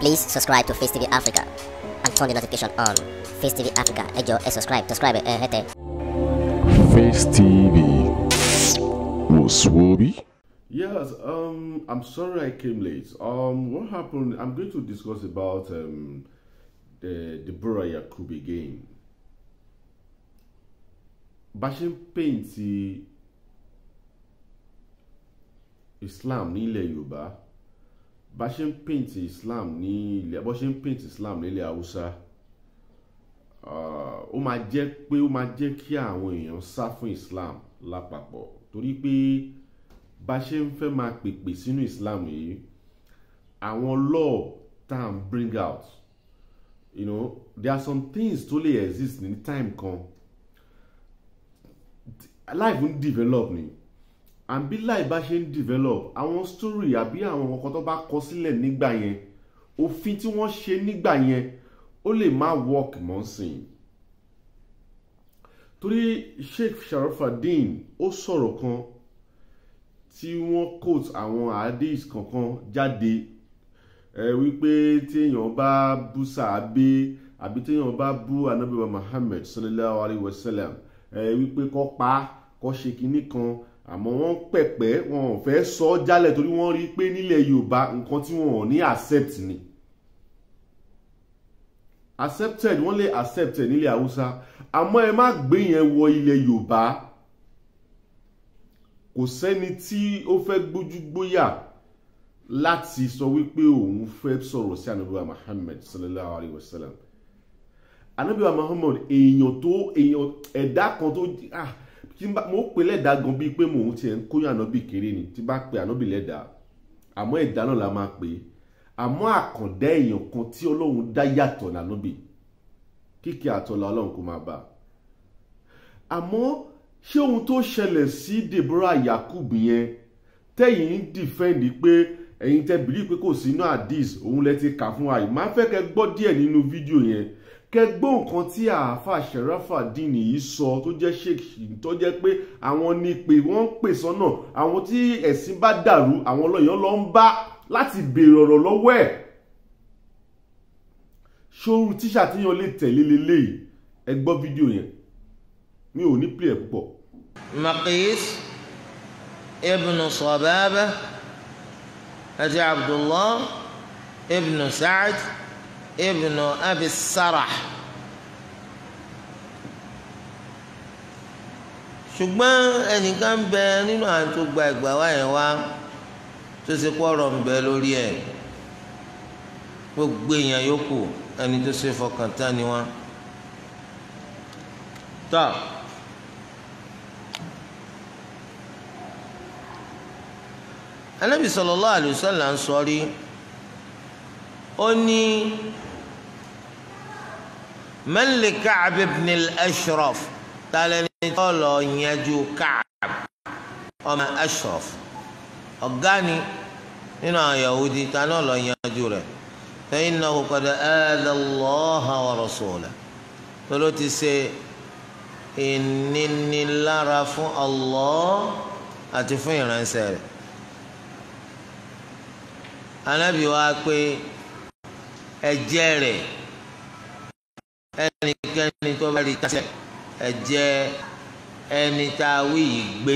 Please subscribe to Face TV Africa and turn the notification on. Face TV Africa, ejo, e subscribe, subscribe, eh, hete. Face TV. Muswobi? Yes, um, I'm sorry I came late. Um, what happened, I'm going to discuss about um, the Deborah Yakubi game. Bashin paint Islam nílẹ̀ Yuba. bá ṣe ń paint Islam ní ilẹ̀ bó ṣe ń paint Islam nílẹ̀ Haúsá uh, ó máa jẹ́ pé ó máa jẹ́ kí àwọn èèyàn sá fún Islam lápapọ̀ torí pé bá ṣe ń fẹ́ máa pèpè sínú Islam yìí àwọn law tá bring out you know there are some things tó lè exist ní time kan life ń develop ni and bí láì bá ṣe ń develop àwọn story àbí àwọn ọkọ tó bá kọ sílẹ̀ nígbà yẹn òfin tí wọ́n ṣe nígbà yẹn ó lè má work mọ́ sìn torí Sheikh Sharafaddin ó sọ̀rọ̀ kan tí wọ́n quote àwọn hadith kankan jáde ẹ wípé téèyàn bá bú sàábé àbí téèyàn bá bú anabiwa Muhammad sallallahu alayhi wa sallam ẹ wípé kó pa kó ṣe kinní kan àmọ́ wọ́n pẹ̀pẹ́ wọn ò fẹ́ sọ ọ́ jálẹ̀ torí wọ́n rí i pé nílẹ̀ Yorùbá nǹkan tí wọn ò ní accept ni accepted wọ́n lè accepted nílẹ̀ Haúsá àmọ́ ẹ má gbé yẹn wọ ilẹ̀ Yorùbá kò sẹ́ni tí ó fẹ́ gbójúgbóyà láti sọ wípé òun fẹ́ sọ̀rọ̀ sí anabiwa Muhammad sallallahu alayhi wa sallam anabiwa Muhammad èèyàn tó èèyàn ẹ̀dá kan tó ah tí mo pè lẹ́dàá gan bíi pé mò ń tiẹ̀ ń kóyún ànábì kéré ni tí bá pe ànábì lẹ́dàá àmọ́ ẹ̀dá náà la máa pè é àmọ́ àkàndá èèyàn kan tí ọlọ́run dá yàtọ̀ lànábì kíkẹ́ àtọ́lá ọlọ́run kò máa bá a àmọ́ ṣé ohun tó ṣẹlẹ̀ sí Deborah Yakub yẹn tẹ́yìn ń dìfẹ́ǹdì pé ẹ̀yin tẹ́ bìlí pé kò sínú àdìs òun lẹ ti kà fún wa yìí máa fẹ́ kẹ́ gbọ́ díẹ̀ nínú fídíò yẹn kẹgbọ́n nǹkan tí àáfà Sharafadeen yìí sọ tó jẹ́ ṣèkì tó jẹ́ pé àwọn ní pé wọ́n ń pè sọ́nà àwọn tí ẹ̀sìn bá dàrú àwọn ọlọ́yàn lọ ń bá láti béèrè ọ̀rọ̀ lọ́wọ́ ẹ̀ ṣòru tíṣà tíyan lè tẹ̀lé leléyìí ẹ gbọ́ fídíò yẹn mi ò ní play ẹ̀ púpọ̀. Maqis ibn Sababa àti Abdullah ibn Sa'd. ibnu abi sarah ṣùgbọ́n ẹnìkan ń bẹ nínú àwọn gba ìgbà wa yẹn wá tó ṣe kó ń bẹ lórí ẹ̀ gbogbo èèyàn yòókù ẹni tó ṣe fọkàn tán ni wọn. tọ́ ń sọ rí ó ní. man li Ka'b ibn al-Ashraf tàlẹ́ni tó lọ yanjú Ka'b ọmọ Ashraf ọ̀gá ni nínú àwọn Yahudi ta náà lọ yanjú rẹ̀ fa innahu qad aadha Allaha wa rasulahu lọ́lọ́ ti ṣe ìnínilára fún Allah àti fún ìránṣẹ́ rẹ̀ anábìwá pé ẹ̀jẹ̀ rẹ̀ ẹnikẹ́ni tó bá rí tásẹ̀ ẹ̀jẹ̀ ẹni tá a wí yìí gbé.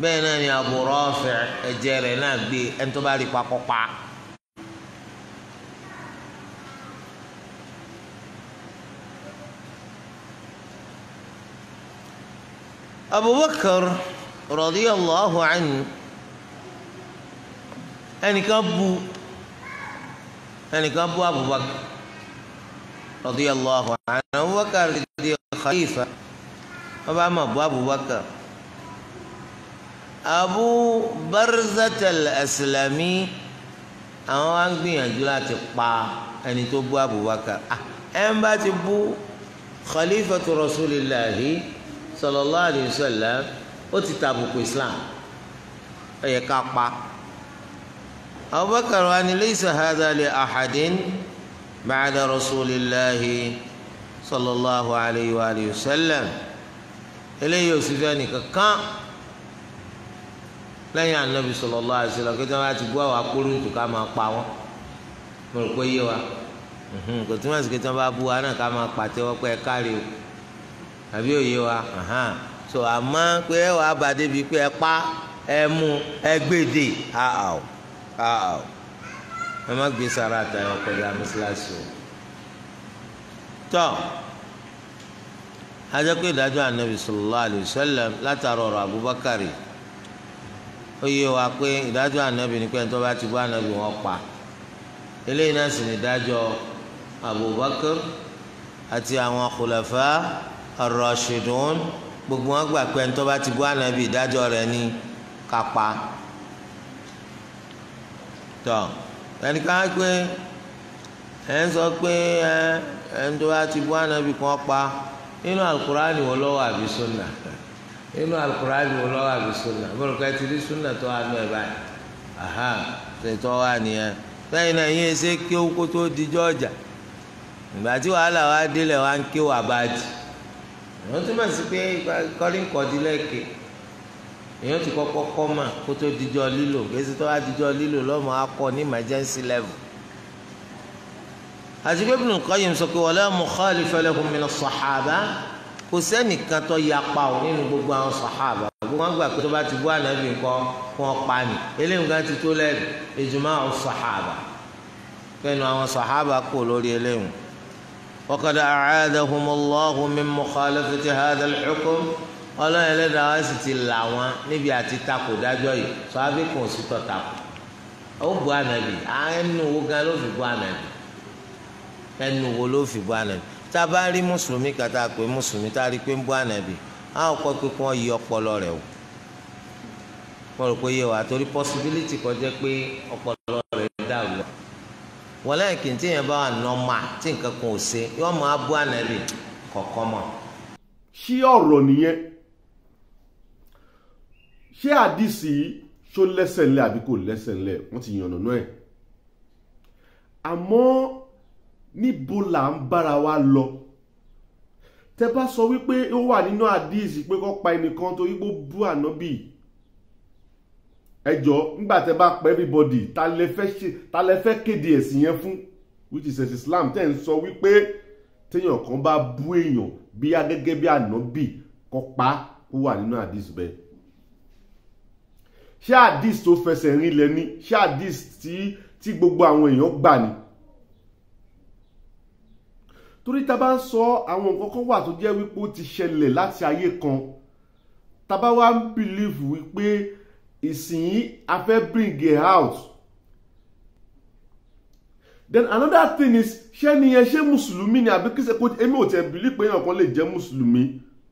bẹ́ẹ̀ náà ni Abu Rafi ẹ̀jẹ̀ rẹ̀ náà gbé ẹni tó bá rí pakọ́pa. Abubakar radiyallahu anhu ẹnìkan bu ẹnìkan bú Abubakar radiyallahu anhu Abubakar di khalifa wọn bá mọ bú Abubakar Abu Barzat al-Aslami àwọn wá ń gbìyànjú láti pa ẹni tó bú Abubakar ah, ẹ ń bá ti bú khalifatu rasulillahi sallallahu alayhi wa sallam ó ti tàbùkù Islam ẹ ká pa abubakar wa ni leysa hadha li ahadin ba'da rasulillahi sallallahu alayhi wa alihi wa sallam eléyìí ò sí fẹ́ nìkan kan lẹ́yìn anabi sallallahu alayhi wa sallam kí wọ́n bá ti gbọ́ àwọn akpọ́rùntù ká máa pa wọ́n mo rò pé yé wa kò túmọ̀ sí pé tí bu wa ká máa pàtẹ́wọ́ pé ẹ káre o àbí òye wa so àmọ́ pé ẹ wàá bá débi pé ẹ pa ẹ mú ẹ gbèdè àà o aa ah, ẹ má gbé sara àtàyọ kọjá mọ́sálásí o tọ́ adékò ìdájọ́ anabi sallallahu alayhi wa sallam látara ọ̀rọ̀ abubakari ó yẹ wa pé ìdájọ́ anabi ni pé ẹni tó bá ti bọ́ anabi wọn pa eléyìí náà sì ni ìdájọ́ abubakar àti àwọn khulafa ar-rashidun gbogbo wọn gbà pé ẹni tó bá ti bọ́ anabi ìdájọ́ rẹ̀ ni kápá. tọ ẹnìkan á pé ẹ ń sọ pé ẹ ẹ ń tó bá ti bú ànábì kan pa nínú alukurani wọ lọ́wọ́ àbí sunna nínú alukurani àbí sunna mo rò ti rí sunna tó wà nù ẹ báyìí aha tètè wà nìyẹn lẹ́yìn náà yín ẹsẹ kí kó tó ọjà ìgbà tí wàhálà wa délẹ̀ wa ń kí wà bá di wọ́n túmọ̀ sí pé kọ́lí èèyàn ti kọ́kọ́ kọ́ mà kó tó dijọ́ lílò gbèsè tó wá dijọ́ lílò lọ́mọ akọ ní emergency level. àti pé Ibn Qayyim sọ pé wala mukhalifa lahum min as-sahaba kò sẹ́nìkan tó yapa ò nínú gbogbo àwọn sahaba gbogbo wọn gbà pé tó bá ti bú ànábì nǹkan kó wọn pa ni eléyìí kan ti tó lẹ́nu ijma' as-sahaba kẹ́nu àwọn sahaba kò lórí eléyìí. وقد أعاذهم ọlọ́run ẹlẹ́dàá wá sì ti là wọn níbi àti takò dájọ́ yìí sọ abẹ́kùn òsì tọ́ takò ó bu ànàbì ẹnu wo gan ló fi bu ànàbì ẹnu wo ló fi bu ànàbì tá a bá rí mùsùlùmí kàtà pé mùsùlùmí tá a rí pé ń bu ànàbì á kọ́ pé kí wọ́n yí ọpọlọ rẹ̀ wò wọ́n rò pé yẹ wà torí possibility kò jẹ́ pé ọpọlọ rẹ̀ dàrú wọ́n lẹ́yìn kì í tí yẹn bá wà nọ́mà tí nǹkan kan ò ṣe yọ́ọ́ máa bu ànàbì kọ̀ọ̀kan mọ̀. ṣí ọ̀rọ̀ nìyẹn ṣé àdìsí ṣó lẹ́sẹ̀ ńlẹ̀ àbí kò lẹ́sẹ̀ ńlẹ̀ wọ́n ti yànnàná ẹ̀ àmọ́ níbo là ń bára wa lọ tẹ bá sọ wípé ó wà nínú àdìsí pé kó pa ẹnìkan torí pé ó bú ànábì ẹjọ́ nígbà tẹ bá pa everybody ta lẹ fẹ́ ṣe ta lẹ kéde ẹ̀sìn yẹn fún which is Islam tẹ́ ń sọ wípé téèyàn kan bá bú èèyàn bí agẹ́gẹ́ bí ànábì kó pa kó wà nínú àdìsí bẹ́ẹ̀ ṣé àdìs tó fẹsẹ̀ rinlẹ̀ ni ṣé àdìs tí gbogbo àwọn èèyàn gbà ni torí ta bá ń sọ àwọn nǹkan kan wà tó jẹ́ wípé ó ti ṣẹlẹ̀ láti ayé kan ta bá wá ń bìlífù wípé ìsìn a fẹ́ bring it house. then another thing is ṣé nìyẹn ṣé mùsùlùmí ni àbí kìsẹ́ kó èmi ò tẹ̀ bìlí pé èèyàn kan lè jẹ́ mùsùlùmí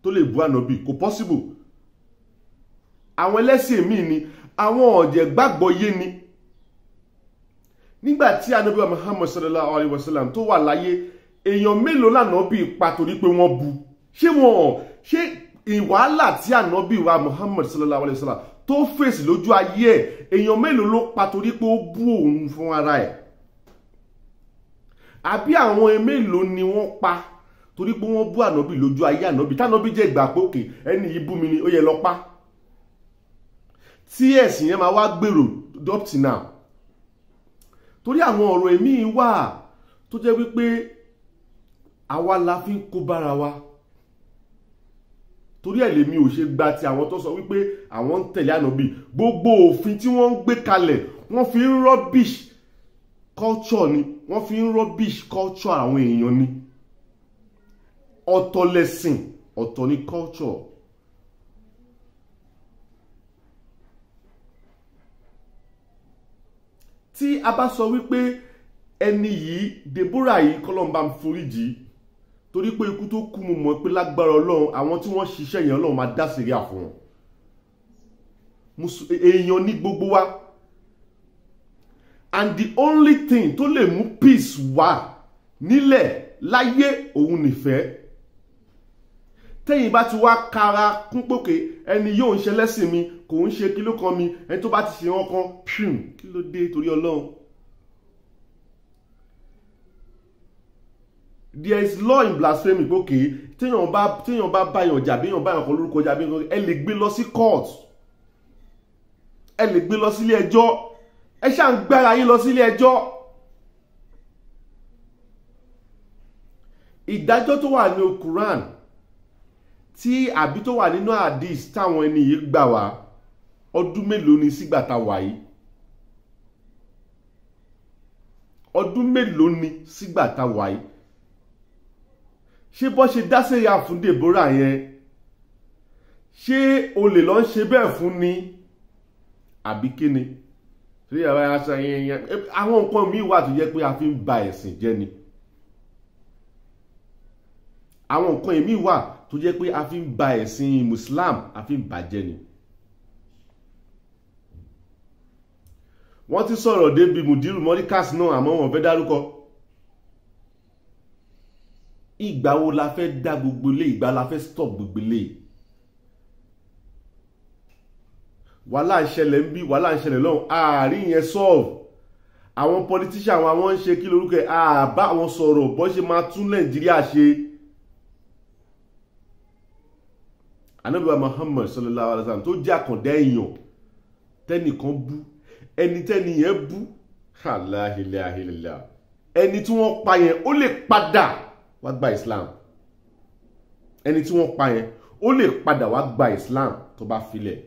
tó lè bú ànábì kò possible àwọn ẹlẹ́sìn míì ni àwọn ọ̀jẹ̀ gbàgbọ́ yé ni nígbà tí anabi Muhammad sallallahu alayhi wa sallam tó wà láyé èèyàn mélòó lànàbì pa torí pé wọ́n bu ṣé wọn ṣé ìwàhálà tí anabi wa Muhammad sallallahu alayhi wa sallam tó fèsì lójú ayé ẹ̀ èèyàn mélòó ló pa torí pé ó bú òun fún ara ẹ̀ àbí àwọn mélòó ni wọ́n pa torí pé wọ́n bú ànábì lójú ayé ànábì tànábì jẹ́ ìgbà pé òkè ẹni yìí bú mi ni ó yẹ lọ pa tí ẹ̀sìn yẹn máa wá gbèrò dọ́pítì náà torí àwọn ọ̀rọ̀ ẹ̀mí wà tó jẹ́ wípé àwa la fi ń kó bára wa torí ẹ̀ lèmi ò ṣe gba ti àwọn tó sọ wípé àwọn ń tẹ̀lé ànábì gbogbo òfin tí wọ́n ń gbé kalẹ̀ wọ́n fi ń rubbish culture ni wọ́n fi ń rubbish culture àwọn èèyàn ni ọ̀tọ̀ lẹ̀sìn ọ̀tọ̀ ni culture tí a bá sọ wípé ẹni yìí Deborah yìí kọlọ́mbà ń foríjì torí pé ikú tó kú mo mọ̀ pé lágbára ọlọ́run àwọn tí wọ́n ṣiṣẹ́ yẹn ọlọ́run máa dá síríà fún wọn èèyàn ní gbogbo wa and the only thing tó lè mú peace wá nílẹ̀ láyé òun nìfẹ́ tẹ́yìn bá ti wá kara kún pòkè ẹni yóò ń ṣe lẹ́sìn mi kò ń ṣe kíló kan mi ẹni tó bá ti ṣe wọn kan pim kí ló dé torí ọlọ́run. there is law in blasphemy pòkè téèyàn bá téèyàn bá báyàn jà béèyàn báyàn kan lórúkọ jà béèyàn kan ẹ lè gbé lọ sí court ẹ lè gbé lọ sílé ẹjọ́ ẹ ṣáà ń gbára yín lọ sílé ẹjọ́. ìdájọ́ tó wà ní Quran tí àbí tó wà nínú hadith táwọn ẹni yìí gbà wá ọdún mélòó ni sígbà tá wà yìí ọdún mélòó ni sígbà tá wà yìí ṣé bọ́ ṣe dáṣẹ́ ya fún Deborah yẹn ṣé olè ló ṣe bẹ́ẹ̀ fún ni àbí kí ni torí àwọn aṣọ yẹn yẹn àwọn nǹkan míì wà tó yẹ pé a fi ń ba ẹ̀sìn jẹ́ ni àwọn nǹkan míì wà tó jẹ́ pé a fi ń ba ẹ̀sìn muslim a fi ń bàjẹ́ ni. wọ́n ti sọ̀rọ̀ débi mudiru morikas náà àmọ́ wọn fẹ́ dárúkọ. ìgbà wo la fẹ́ dá gbogbo ilé ìgbà la fẹ́ stop gbogbo ilé. wàhálà ìṣẹ̀lẹ̀ ń bí wàhálà ìṣẹ̀lẹ̀ lọ́hùn àárín yẹn solve àwọn politician àwọn ń ṣe kí lorúkẹ àbá àwọn sọ̀rọ̀ bó ṣe máa tún nàìjíríà ṣe. anábìwá Muhammad sallallahu alayhi wa sallam tó jẹ́ àkàndá èèyàn tẹ́nìkan bú ẹni tẹ́ni yẹn bú aláhìláhìlá ẹni tí wọ́n pa yẹn ó lè padà wá gba Islam ẹni tí wọ́n pa yẹn ó lè padà wá gba Islam tó bá filẹ̀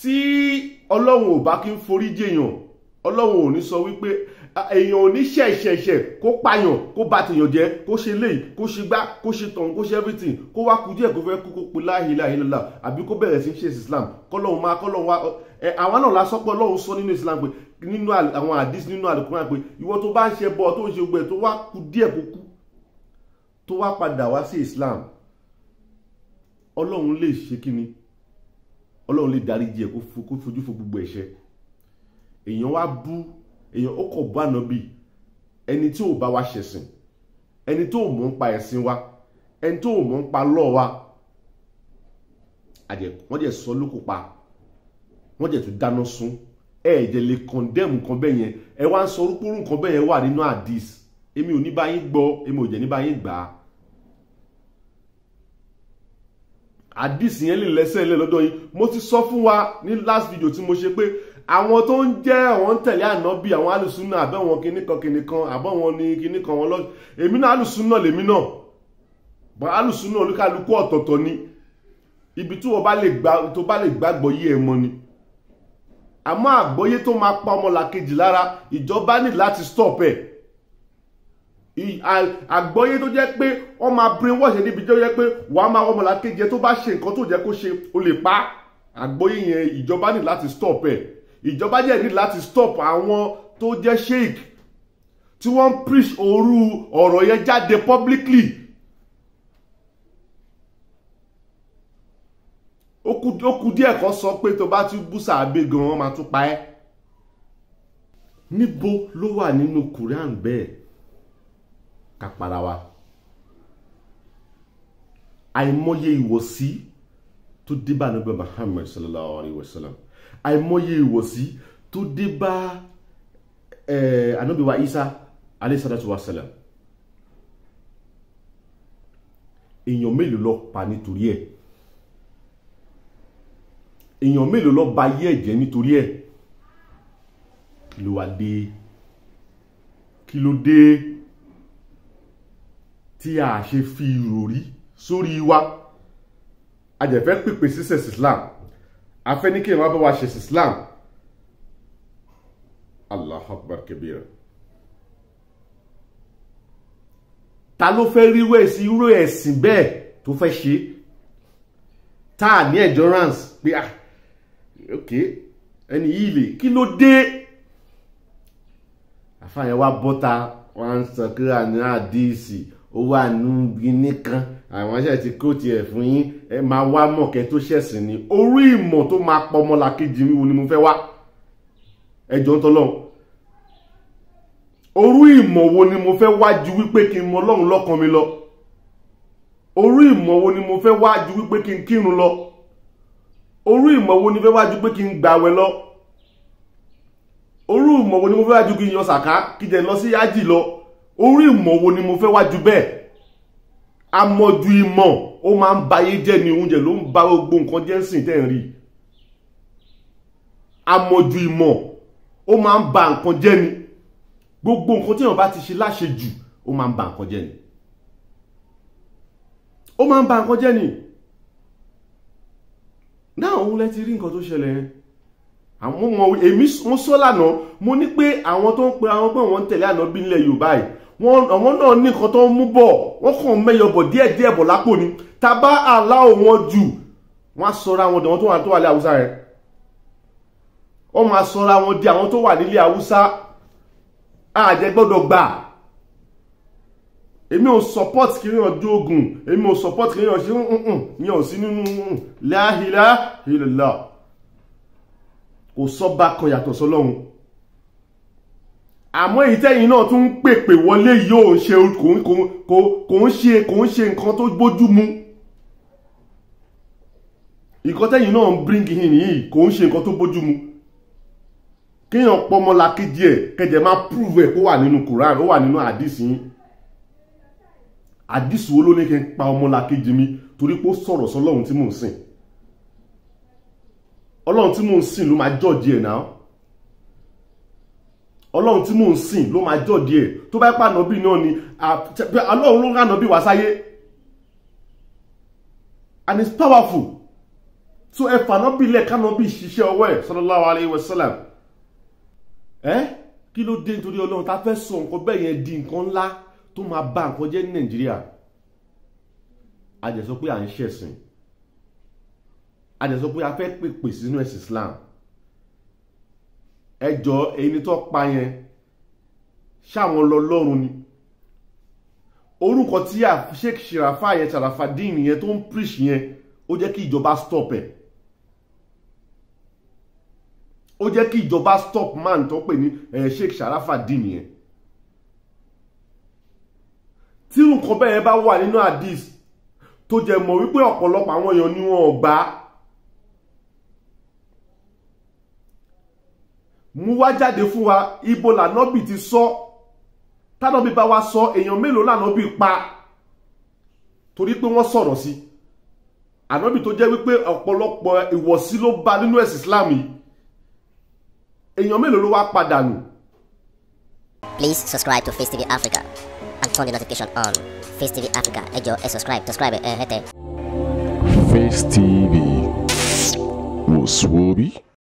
tí ọlọ́run ò bá kí ń forí jèèyàn ọlọ́run ò ní sọ wípé èèyàn ò ní ṣẹ̀ṣẹ̀ṣẹ̀ kó pààyàn kó bà tèèyàn jẹ́ kó ṣe léyìí kó ṣe gbá kó ṣe tàn kó ṣe everything kó wá kú díẹ̀ kó fẹ́ kú kó pe láhìlá ìlọ́lá àbí kó bẹ̀rẹ̀ sí ṣe islam kọ́lọ́hún máa kọ́lọ́hún wá ẹ àwọn náà lásán pé ọlọ́run sọ nínú islam pé nínú àwọn àdís nínú àlùkùnrin pé ìwọ tó bá ń ṣe bọ́ tó ń ṣe gbẹ tó wá kú díẹ̀ kó kú tó wá padà wá sí islam ọlọ́run lè ṣe kíni ọlọ́run lè dáríjì ẹ̀ kó fojú fo èèyàn ó kọ̀ bá ànábì ẹni tí ò bá wa ṣẹ̀sìn ẹni tó mọ̀ ń pa ẹ̀sìn wa ẹni tó mọ̀ ń pa lọ́ọ̀ wa wọ́n jẹ́ sọ lóko pa wọ́n jẹ́ tún dáná sun ẹ ẹ̀ jẹ́ lè condemn nǹkan bẹ́ẹ̀ yẹn ẹ wá ń sọ orúkúrú nǹkan bẹ́ẹ̀ yẹn wà nínú àdìs èmi ò ní bá yín gbọ́ èmi ò jẹ́ ní bá yín gbà á. àdìs yẹn lè lẹ́sẹ̀ lẹ́ lọ́dọ̀ yín mo ti sọ fún wa ní last video tí mo ṣe pé àwọn tó ń jẹ́ àwọn ń tẹ̀lé ànábì àwọn alùsùnà àbẹ̀wọn kìnnìkan kìnnìkan àbọ̀wọn ni kìnnìkan wọn lọ́jọ́ èmi náà alùsùnà lèmi náà bọ́n alùsùnà oníkàlùkù ọ̀tọ̀ọ̀tọ̀ ni ibi tí wọ́n bá lè gbà tó bá lè gbàgbọ́ yé ẹ mọ́ ni àmọ́ àgbọ́yé tó máa pa ọmọlàkejì lára ìjọba ní láti stop ẹ̀ àgbọ́yé tó jẹ́ pé wọ́n máa brainwash níbi tó jẹ́ pé wàá máa ọmọlàkejì tó bá ṣe nǹkan tó jẹ́ kó ṣe o lè pa àgbọ́yé yẹn ìjọba ní láti stop ẹ̀ ìjọba jẹ́ ní láti stop àwọn tó jẹ́ sheik tí wọ́n ń preach òru ọ̀rọ̀ yẹn jáde publicly. ó kù díẹ̀ kan sọ pé tó bá ti bú sàábé gan wọ́n máa tún pa ẹ́. níbo ló wà nínú Quran bẹ́ẹ̀ ká para wa àìmọye ìwọ̀sí tó dé bá Ànábì Muhammad sallallahu alayhi wa sallam àìmọye ìwọ̀sí tó dé bá ànábì wa Isa alayhi salatu wa salam èèyàn mélòó ló pa nítorí ẹ̀ èèyàn mélòó ló ba ayé ẹ̀ jẹ́ nítorí ẹ̀ kí ló wá dé kí ló dé tí a ṣe fi ìròrí sórí wa a jẹ́ fẹ́ pèpè sí sẹ́sì afẹ́nikẹ́ máa bá wa ṣẹ̀sìn Islam Allahu Akbar kabira ta ló fẹ́ ríwé sí irú ẹ̀sìn bẹ́ẹ̀ tó fẹ́ ṣe tá a ní endurance pé ah ok ẹni yìí lè kí ló dé àfààyàn wa bọ́ta wọn sọ kí àná àdìsí ó wà nù gíní kan àwọn iṣẹ́ ti kó tiẹ̀ fún yín ẹ máa wá mọ̀kẹ́ tó ṣẹ̀sìn ni orí ìmọ̀ tó máa pọ̀ ọmọlàkejì wíwo ni mo fẹ́ wá ẹjọ́ ń tọ́lọ́hún orú ìmọ̀ wo ni mo fẹ́ wá ju wípé kí n mọ Ọlọ́run lọ́kàn mi lọ orú ìmọ̀ wo ni mo fẹ́ wá ju wípé kí n kírun lọ orú ìmọ̀ wo ni fẹ́ wá ju pé kí n gbàwẹ̀ lọ orú ìmọ̀ wo ni mo fẹ́ wá ju kí n yọ sàká kí n jẹ lọ sí yájì lọ orú ìmọ̀ wo ni mo fẹ́ wá ju bẹ́ẹ̀ amọ̀jù ìmọ̀ ó máa ń bayé jẹ́ ni oúnjẹ ló ń ba gbogbo nǹkan jẹ́ ń sìn tẹ́ ń rí amọ̀jù ìmọ̀ ó máa ń ba nǹkan jẹ́ ni gbogbo nǹkan tí èèyàn bá ti ṣe láṣejù ó máa ń ba nǹkan jẹ́ ni ó máa ń ba nǹkan jẹ́ ni náà òun lẹ ti rí nǹkan tó ṣẹlẹ̀ yẹn àwọn ọmọ èmi mo sọ lánàá mo ní pé àwọn tó ń pe àwọn pé wọ́n ń tẹ̀lé ànábì nílẹ̀ Yorùbá yìí àwọn náà ní nǹkan tó ń mú bọ̀ wọ́n kàn mẹ́yọbọ̀ díẹ̀ díẹ̀ bọ̀ lápò ni tá bá aláwọ̀ wọn jù wọ́n á sọra wọn di àwọn tó wà tó wà ní haúsá yẹn wọ́n máa sọra wọn di àwọn tó wà nílé haúsá àjẹ gbọ́dọ̀ gbà èmi ò support kí yàn dóògùn èmi ò support kí yàn ṣe ń yàn sí nínú láhìlá ìlàlá kò sọ́ba kan yàtọ̀ sọ́lọ́run àmọ́ èyí tẹ́yìn náà tún ń pèpè wọlé yìí ò ń ṣe kò ń ṣe kò ń ṣe nǹkan tó bójú mu ìkọ́ tẹ́yìn náà ń bring in yìí kò ń ṣe nǹkan tó bójú mu kéèyàn pọmọ làkejì ẹ̀ kẹjẹ máa prove ẹ̀ kó wà nínú Quran ó wà nínú àdìsí yín àdìsí wo ló ní kí n pa ọmọ làkejì mi torí pé ó sọ̀rọ̀ sọ́lọ́run tí mò ń sìn ọlọ́run tí mò ń sìn ló máa jọ́ọ̀jì ẹ̀ náà ọlọ́run tí mò ń sìn ló máa jọ̀dí ẹ̀ tó bá pa ànábì náà ni ọlọ́run ló rán ànábì wá sáyé and it's powerful so ẹ fànábì lẹ̀ kánábì ṣiṣẹ́ ọwọ́ ẹ̀ sallallahu alayhi wa sallam ẹ́ kí ló dé nítorí ọlọ́run tá a fẹ́ sọ nǹkan bẹ́ẹ̀ yẹn di nǹkan ńlá tó máa bà nǹkan jẹ́ ní nàìjíríà a jẹ́ sọ pé à ń ṣẹ̀sìn a jẹ́ sọ pé a fẹ́ pèpè sínú ẹ̀sìn islam ẹjọ́ ẹni tó pa yẹn ṣáwọn lọ lọ́run ni orúkọ tí Sheikh Sharafa yẹn Sharafadeen yẹn tó ń preach yẹn ó jẹ́ kí ìjọba stop ẹ̀ ó jẹ́ kí ìjọba stop man tó pè ní Sheikh Sharafadeen yẹn tí nǹkan bẹ́ẹ̀ bá wà nínú hadith tó jẹ́ mọ̀ wípé ọ̀pọ̀lọpọ̀ àwọn èèyàn ni wọ́n gbà á mú wá jáde fún wa ibo lànàbì ti sọ tánàbì bá wa sọ èèyàn mélòó lànàbì pa torí pé wọ́n sọ̀rọ̀ sí ànàbì tó jẹ́ wípé ọ̀pọ̀lọpọ̀ ìwọ̀sí ló bá nínú ẹ̀sìn Islam èèyàn mélòó ló wá padà nù. Please subscribe to Face TV Africa and turn the notification on Face TV Africa ẹ jọ̀ọ́ ẹ subscribe subscribe ẹ hẹtẹ. Face TV wò sùn orí.